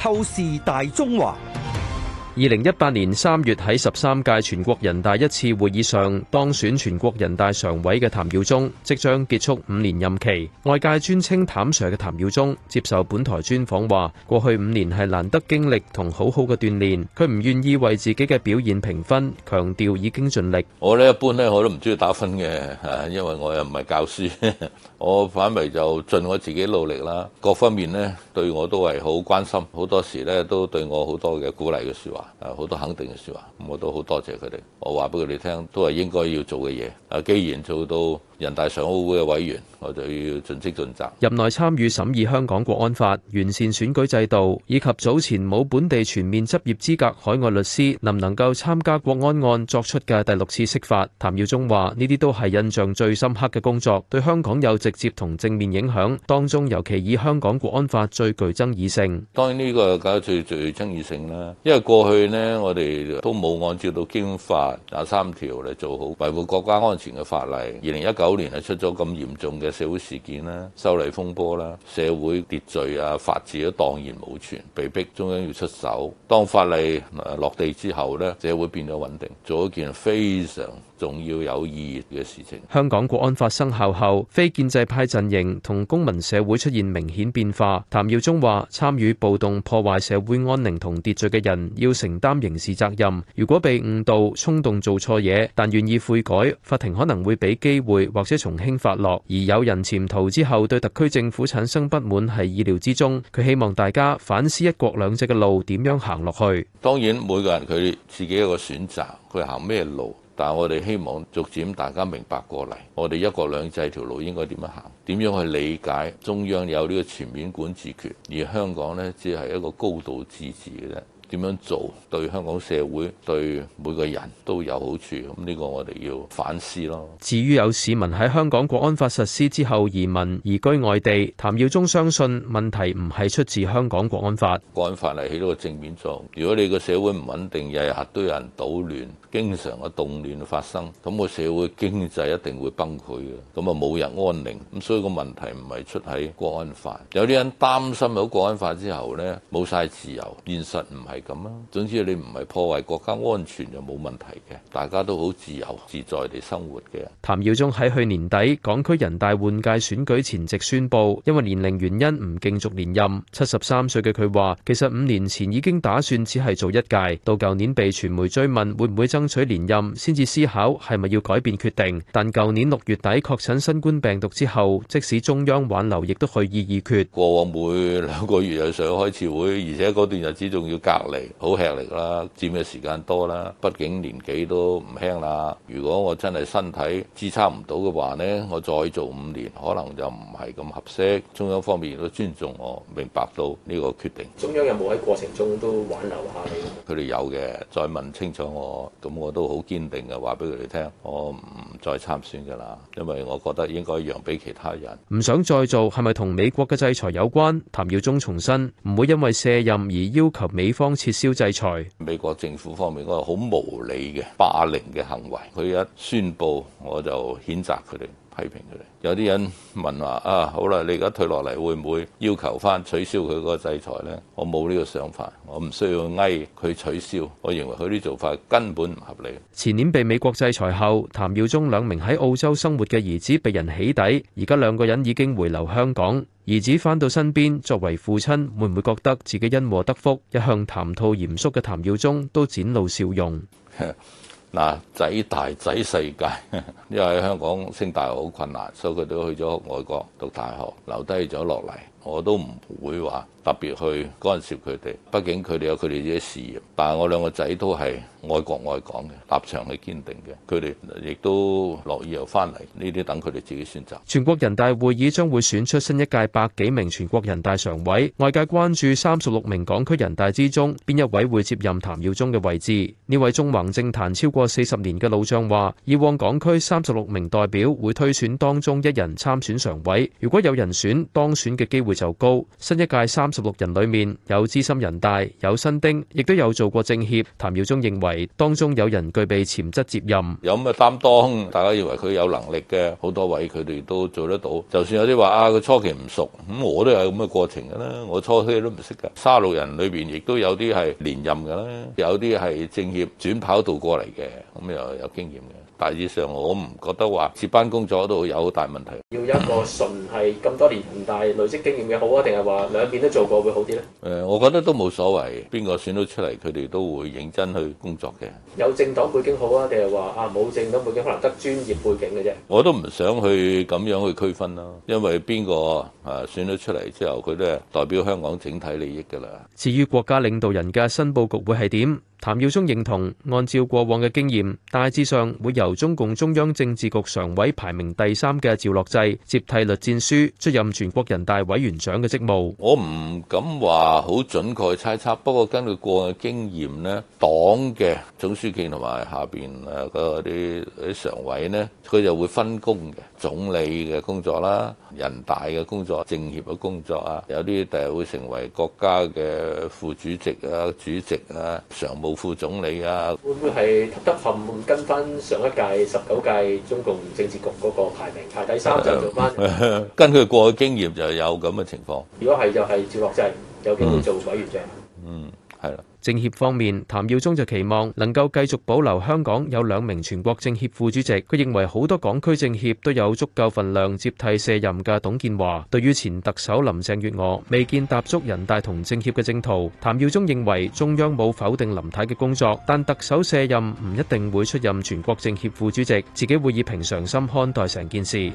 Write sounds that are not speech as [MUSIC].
透視大中華。二零一八年三月喺十三屆全國人大一次會議上當選全國人大常委嘅譚耀宗即將結束五年任期。外界尊稱譚 Sir 嘅譚耀宗接受本台專訪話：過去五年係難得經歷同好好嘅鍛鍊，佢唔願意為自己嘅表現評分，強調已經盡力我呢。我咧一般咧我都唔中意打分嘅，因為我又唔係教師。我反為就盡我自己努力啦，各方面咧對我都係好關心，好多時咧都對我好多嘅鼓勵嘅說話。啊！好多肯定嘅說話，咁我都好多謝佢哋。我話俾佢哋聽，都係應該要做嘅嘢。啊，既然做到。人大常委會嘅委員，我就要盡職盡責，任內參與審議香港國安法、完善選舉制度，以及早前冇本地全面執業資格海外律師能唔能夠參加國安案作出嘅第六次釋法，譚耀宗話呢啲都係印象最深刻嘅工作，對香港有直接同正面影響，當中尤其以香港國安法最具爭議性。當然呢個搞最最爭議性啦，因為過去咧我哋都冇按照到《經法》廿三條嚟做好維護國家安全嘅法例。二零一九九年係出咗咁嚴重嘅社會事件啦、修例風波啦、社會秩序啊、法治都蕩然無存，被逼中央要出手。當法例落地之後咧，社會變咗穩定，做一件非常。重要有意義嘅事情。香港國安法生效後，非建制派陣營同公民社會出現明顯變化。譚耀宗話，參與暴動破壞社會安寧同秩序嘅人要承擔刑事責任。如果被誤導、衝動做錯嘢，但願意悔改，法庭可能會俾機會或者從輕發落。而有人潛逃之後對特區政府產生不滿，係意料之中。佢希望大家反思一國兩制嘅路點樣行落去。當然，每個人佢自己有個選擇，佢行咩路。但我哋希望逐漸大家明白過嚟，我哋一國兩制條路應該點樣行？點樣去理解中央有呢個全面管治權，而香港呢，只係一個高度自治嘅啫。點樣做對香港社會對每個人都有好處，咁呢個我哋要反思咯。至於有市民喺香港國安法實施之後移民移居外地，譚耀宗相信問題唔係出自香港國安法。國安法係起到個正面作用。如果你個社會唔穩定，日日都有人搗亂，經常嘅動亂發生，咁個社會經濟一定會崩潰嘅，咁啊冇人安寧。咁所以個問題唔係出喺國安法。有啲人擔心咗國安法之後呢，冇晒自由，現實唔係。咁啦，總之你唔係破壞國家安全就冇問題嘅，大家都好自由自在地生活嘅。譚耀宗喺去年底港區人大換屆選舉前夕宣布，因為年齡原因唔競逐連任。七十三歲嘅佢話：其實五年前已經打算只係做一屆，到舊年被傳媒追問會唔會爭取連任，先至思考係咪要改變決定。但舊年六月底確診新冠病毒之後，即使中央挽留，亦都去意已決。過往每兩個月又上開次會，而且嗰段日子仲要隔嚟好吃力啦，佔嘅時間多啦，畢竟年紀都唔輕啦。如果我真係身體支撐唔到嘅話呢，我再做五年可能就唔係咁合適。中央方面都尊重我，明白到呢個決定。中央有冇喺過程中都挽留下你？佢哋有嘅，再問清楚我，咁我都好堅定嘅話俾佢哋聽，我唔再參選噶啦，因為我覺得應該讓俾其他人。唔想再做，係咪同美國嘅制裁有關？譚耀宗重申，唔會因為卸任而要求美方撤銷制裁。美國政府方面嗰個好無理嘅霸凌嘅行為，佢一宣布我就譴責佢哋。批評佢哋，有啲人問話啊，好啦，你而家退落嚟會唔會要求翻取消佢個制裁呢？我冇呢個想法，我唔需要嗌佢取消。我認為佢啲做法根本唔合理。前年被美國制裁後，譚耀宗兩名喺澳洲生活嘅兒子被人起底，而家兩個人已經回流香港。兒子返到身邊，作為父親會唔會覺得自己因禍得福？一向談吐嚴肅嘅譚耀宗都展露笑容。嗱，仔大仔世界，因為香港升大學好困難，所以佢都去咗外國讀大學，留低咗落嚟，我都唔會話。特別去干涉佢哋，畢竟佢哋有佢哋嘅事業，但係我兩個仔都係愛國愛港嘅立場係堅定嘅，佢哋亦都樂意又翻嚟。呢啲等佢哋自己選擇。全國人大會議將會選出新一屆百幾名全國人大常委，外界關注三十六名港區人大之中，邊一位會接任譚耀宗嘅位置？呢位縱橫政壇超過四十年嘅老將話，以往港區三十六名代表會推選當中一人參選常委，如果有人選當選嘅機會就高。新一屆三三十六人裏面有資深人大，有新丁，亦都有做過政協。譚耀宗認為當中有人具備潛質接任，有咁嘅擔當。大家認為佢有能力嘅，好多位佢哋都做得到。就算有啲話啊，佢初期唔熟，咁、嗯、我都有咁嘅過程噶啦。我初期都唔識噶。三十六人裏邊亦都有啲係連任噶啦，有啲係政協轉跑道過嚟嘅，咁、嗯、又有經驗嘅。大致上，我唔覺得話接班工作都有好大問題。要一個純係咁多年人大累積經驗嘅好啊，定係話兩邊都做過會好啲呢？誒、呃，我覺得都冇所謂，邊個選到出嚟，佢哋都會認真去工作嘅。有政黨背景好啊，定係話啊冇政黨背景，可能得專業背景嘅啫。我都唔想去咁樣去區分咯、啊，因為邊個啊選到出嚟之後，佢都係代表香港整體利益嘅啦。至於國家領導人嘅新佈局會係點？譚耀宗認同，按照過往嘅經驗，大致上會由中共中央政治局常委排名第三嘅趙樂際接替栗戰書出任全國人大委員長嘅職務。我唔敢話好準確猜測，不過根據過往嘅經驗咧，黨嘅總書記同埋下邊誒嗰啲常委咧，佢就會分工嘅，總理嘅工作啦、人大嘅工作、政協嘅工作啊，有啲第日會成為國家嘅副主席啊、主席啊、常務。副總理啊，會唔會係得冚跟翻上一屆十九屆中共政治局嗰個排名排第三就做翻？ [LAUGHS] 跟佢過去經驗就有咁嘅情況。如果係就係、是、趙樂際有機會做委員長。嗯，係 [NOISE] 啦樂。 [MUSIC] [MUSIC] 政協方面，譚耀宗就期望能夠繼續保留香港有兩名全國政協副主席。佢認為好多港區政協都有足夠份量接替卸任嘅董建華。對於前特首林鄭月娥未見踏足人大同政協嘅征途，譚耀宗認為中央冇否定林太嘅工作，但特首卸任唔一定會出任全國政協副主席，自己會以平常心看待成件事。